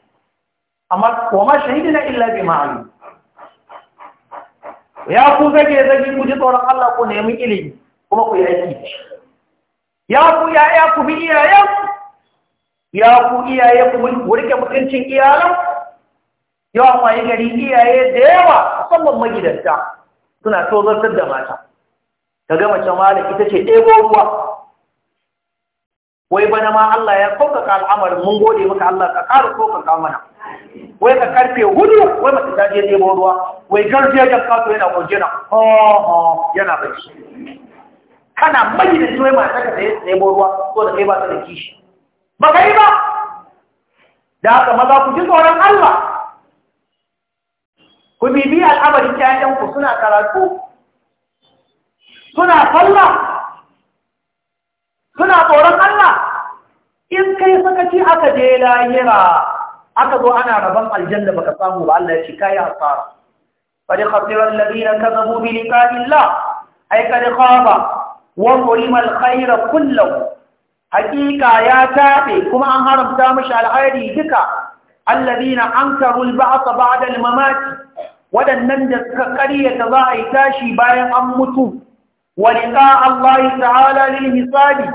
amma kuma na illa bi ma'alu ya ku zage zage ku ji tsoron Allah ku nemi ilimi kuma ku yi aiki ya ku yaya ku bi iyayen ya ku iyaye ku wurke mutuncin iyalan amma yi gari iyaye da yawa musamman magidanta suna tozartar da mata ka gama mace da ita ce ɗebo ruwa wai bana ma Allah ya sauƙaƙa al'amarin mun gode maka Allah ka ƙara sauƙaƙa mana wai ka karfe hudu wai mata ta je nemo ruwa wai ya kato yana gojina ho ho yana shi kana mai da shi wai mace ka sai nemo ruwa ko da kai ba ta da kishi ba kai ba da haka maza ku ji tsoron Allah ku bibi al'amarin ƴaƴan ku suna karatu suna sallah suna tsoron Allah in kai sakaci aka je lahira aka zo ana rabon aljanna baka samu ba Allah ya ce kai asara qad khasira alladhina kadhabu bi liqa'illah ay qad khaba wa hurima alkhayra kullahu haqiqa ya tabe kuma an haramta mishi alkhairi duka alladhina ankaru alba'th ba'da almamat wadannan da suka karyata za a yi tashi bayan an mutu wa liqa Allah ta'ala lil hisabi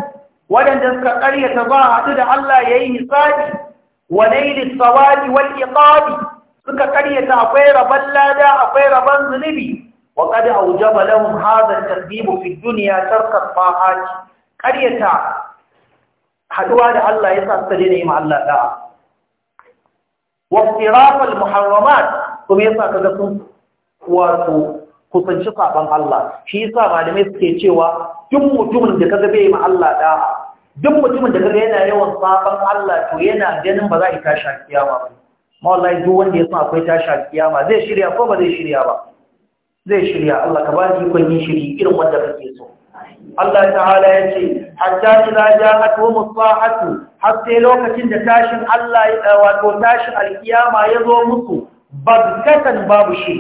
wadanda suka karyata za a haɗu da Allah yayi hisabi wa naili sawadi wal iqabi suka karyata akwai rabon lada akwai rabon zunubi wa qad a lahum hadha at-tadbib fi ad-dunya karyata haduwa da Allah ya sa su ne ma Allah da wa iftiraf muharramat kuma yasa kaga sun wato kusanci saban Allah shi yasa malamai suke cewa duk mutumin da kaga bai ma Allah da duk mutumin da kaga yana yawan sabon Allah to yana ganin ba za a tashi kiyama ba ma wallahi duk wanda ya san akwai tashi kiyama zai shirya ko ba zai shirya ba zai shirya Allah ka ba shi ikon yin shiri irin wanda kake so Allah ta'ala ya ce hatta idza ja'atuhum as-sa'atu har sai lokacin da tashin Allah wato tashin alkiyama ya zo musu bagkatan babu shi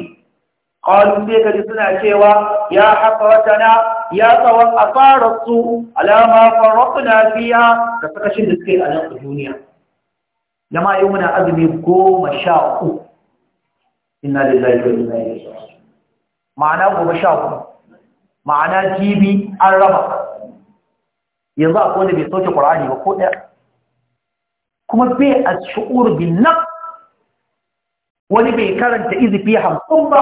qalu sai kaji suna cewa ya hasratana ya tsawon asararsu alama na fiya da sakashin da suka a nan duniya jama yi muna azumi goma sha uku ina da zafi ma'ana goma sha uku ma'ana jibi an rama. yanzu a kone bai sauke ƙwararri ba ko ɗaya kuma bai a shi'ur bin nan wani bai karanta izifi hamsin ba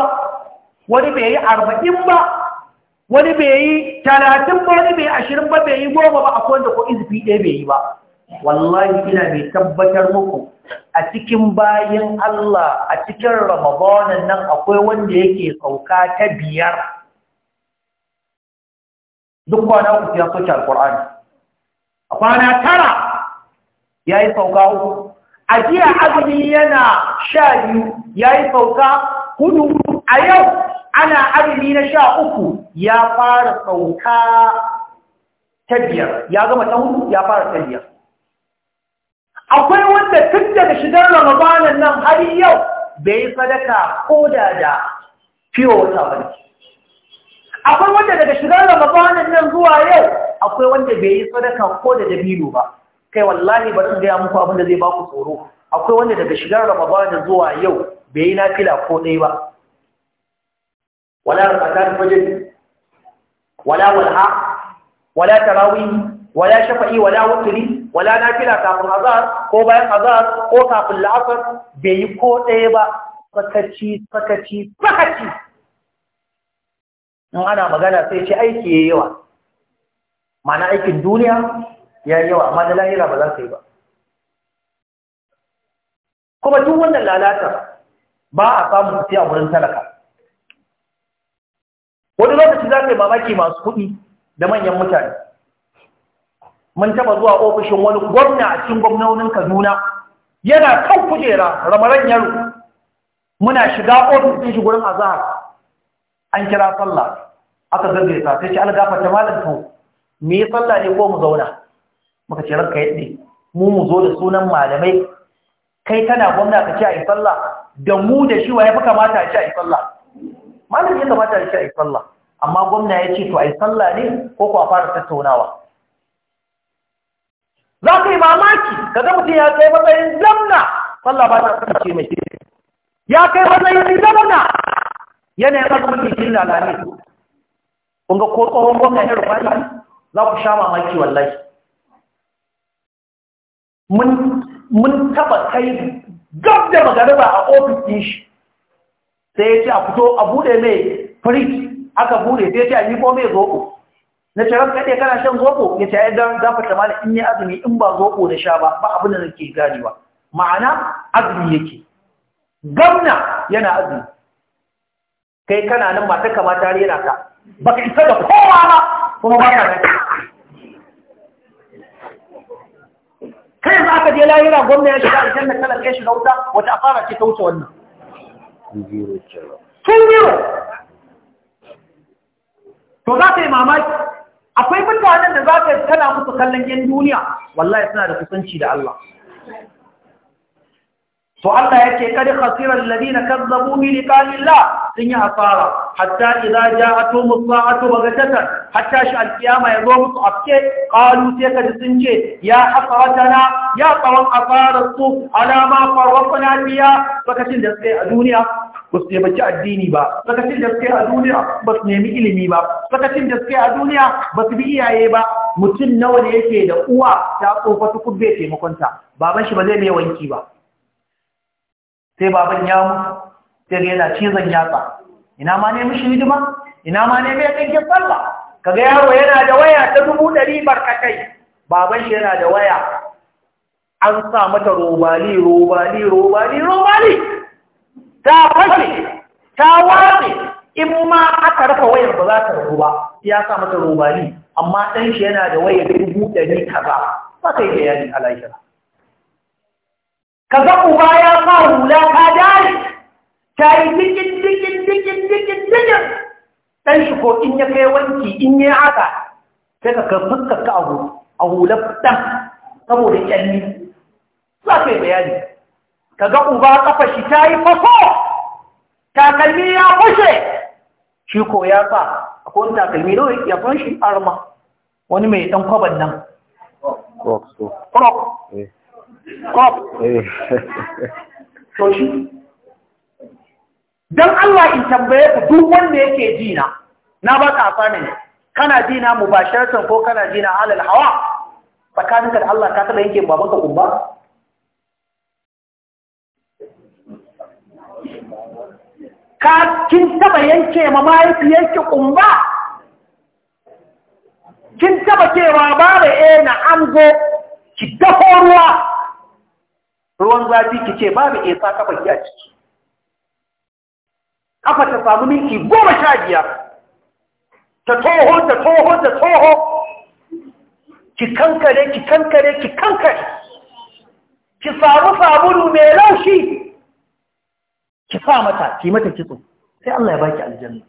wani bai yi arba'in ba wani bai yi talatin ba wani bai ashirin ba bai yi goma ba a da ko izifi ɗaya bai yi ba wallahi ina mai tabbatar muku a cikin bayan Allah a cikin ramadanan nan akwai wanda yake sauka ta biyar duk kwana uku ya soke alkur'ani a kwana tara ya yi sauka uku a jiya azumi yana sha biyu ya yi sauka hudu a yau ana azumi na sha uku ya fara sauka ta biyar ya gama ta hudu ya fara ta biyar akwai wanda tun daga shigar ramadanan nan har yau bai yi sadaka ko da da fiye wata bane akwai wanda daga shigar ramadanan nan zuwa yau akwai wanda bai yi sadaka ko da dabino ba kai wallahi ba zan gaya muku abin da zai baku tsoro akwai wanda daga shigar ramadanan zuwa yau bai yi fila ko ɗaya ba ولا صلاه wala ولا wala ولا wala ولا wala ولا وتر ولا نافلة كافر عذاب ko bayan azhar ko kafin la'afar. bai yi ko daya ba fakaci fakaci fakaci in ana magana sai ce aiki yayi yawa ma'ana aikin duniya yayi yawa amma da lahira ba za ta yi ba kuma duk wannan lalata ba a samu sai a wurin talaka wani lokaci za ka yi mamaki masu kuɗi da manyan mutane mun taɓa zuwa ofishin wani gwamna a cikin gwamnonin kaduna yana kan kujera ramaran yaro muna shiga ofis ɗin shi gurin azahar an kira sallah aka zarge ta sai ce algafa ta malam to me yi sallah ne ko mu zauna muka ce ranka yadda mu mu zo da sunan malamai kai tana gwamna ka ce a yi sallah da mu da shi wa ya fi kamata a ci a yi sallah malam ya kamata ya ce a yi sallah amma gwamna ya ce to a yi sallah ne ko kuwa fara tattaunawa za ka yi mamaki ka ga mutum ya kai matsayin zamna. sallah ba ta kasance mai ya kai matsayin zamna yanayin azumin shi lalamin kun ga ko tsohon gwamna ya rufa za ku sha mamaki wallahi mun taba kai gab da magariba a ofis ɗin shi sai ya ce a fito a bude mai firij aka bude sai ya ce a miko mai zoko na ce ranka ɗaya kana shan zoko ya ce ai dan gafarta mana in yi azumi in ba zoko da sha ba ba abin da nake ganewa ma'ana azumi yake gamna yana azumi kai kana nan mata kama tare yana ka baka isa da kowa ba kuma ba ka kai za ka je lahira gwamna ya shiga aljanna kalar kai shiga wuta wata fara ce ta wuce wannan tun to za ka mamaki akwai mutanen da za ka yi tana musu kallon yan duniya wallahi suna da kusanci da Allah to Allah yake kad khasira alladhina kazzabu bi liqa'illah sun yi asara hatta idza ja'atuhum as-sa'atu hatta shi al ya yazo musu afke qalu sai sun ce ya hasaratana ya qawan asaratu ala ma farqana biya da a duniya ba su taimaki addini ba sakacin da suke a duniya ba su nemi ilimi ba sakacin da a duniya ba su bi iyaye ba mutum nawa ne yake da uwa ta tsofa tukubbe taimakonta baban shi ba zai mai wanki ba sai baban ya mutu sai yana cizon yatsa ina ma ne mishi hidima ina ma ne mai ɗinkin sallah kaga yaro yana da waya ta dubu ɗari barkatai baban shi yana da waya an sa mata robali robali robali robali ta fashe ta watse in ma aka rafa wayar ba za ta rafu ba ya sa mata robali amma ɗan shi yana da waya dubu ɗari kaza ba kai da a lahira ka ga uba ya sa hula ta dare ta yi cikin cikin cikin cikin cikin ɗan shi ko in ya kai wanki in ya haka sai ka fuskar ka a hula ɗan saboda ƙyalli za ka yi bayani ka ga uba kafa shi ta yi faso takalmi ya fashe shi ko ya sa akwai wani takalmi da ya fashe arma wani mai ɗan kwaban nan kof to shi dan Allah in tambaye ku duk wanda yake jina na na ba ka afani kana jina na mubasharatan ko kana jina halal alal hawa tsakaninka da Allah ka taba yake babanka kumba ka kin taba yanke ma mahaifiyarki kumba kin taba cewa ba da eh na ango ki dafo ruwa ruwan zafi ki ce babu isa kafa ki a ciki kafa ta samu minti goma sha biyar ta toho ta toho ta toho ki kankare ki kankare ki kankare ki samu sabulu mai laushi ki sa mata ki mata kitso sai Allah ya baki aljanna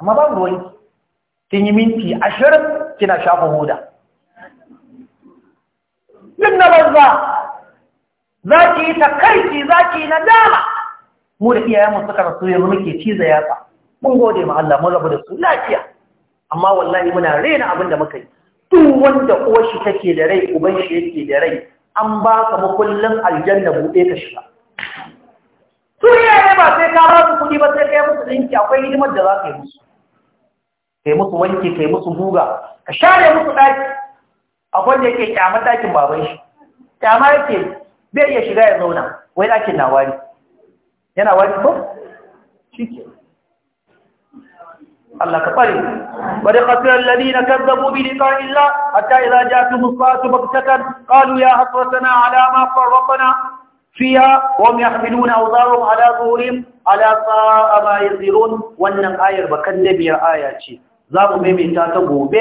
amma babu ruwan kin yi minti ashirin kina shafa hoda. Yin na banza za ki yi takarci za ki yi dama mu da iyayenmu suka rasu yanzu muke ciza yatsa mun gode ma Allah mun rabu da su lafiya amma wallahi muna rena abin da muka yi duk wanda uwar shi take da rai uban shi yake da rai an ba ka makullin aljanna buɗe ka shiga su iyaye ba sai ka ba su kuɗi ba sai kai musu ɗinki akwai hidimar da za ka yi musu kai musu wanke kai musu guga ka share musu ɗaki akwai da yake kyamar ɗakin baban shi kyama yake bai iya shiga ya zauna wai ɗakin na wari yana wari ko shi Allah ka bari bari qasirul ladina kazzabu bi ƙarin liqa'illah hatta idza ja'atuhum sa'atu baghtatan qalu ya hasratana ala ma farratna fiha wa hum yahmiluna awzarahum ala zuhurihim ala a ma yazirun wannan ayar bakan da biyar aya ce za mu maimaita ta gobe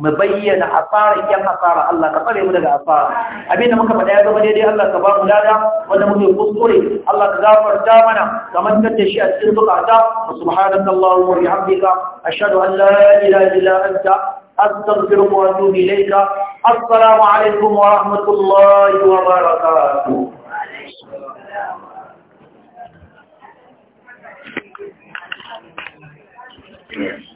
mu bayyana asara yan asara Allah ka tsare mu daga asara abin da muka faɗa ya zama daidai Allah ka ba mu lada wanda muke kuskure Allah ka gafarta mana kamar mantar shi a cikin zukata subhanaka wa bihamdika ashhadu an la ilaha illa anta astaghfiruka wa atubu ilayka assalamu alaikum wa rahmatullahi wa barakatuh Yes.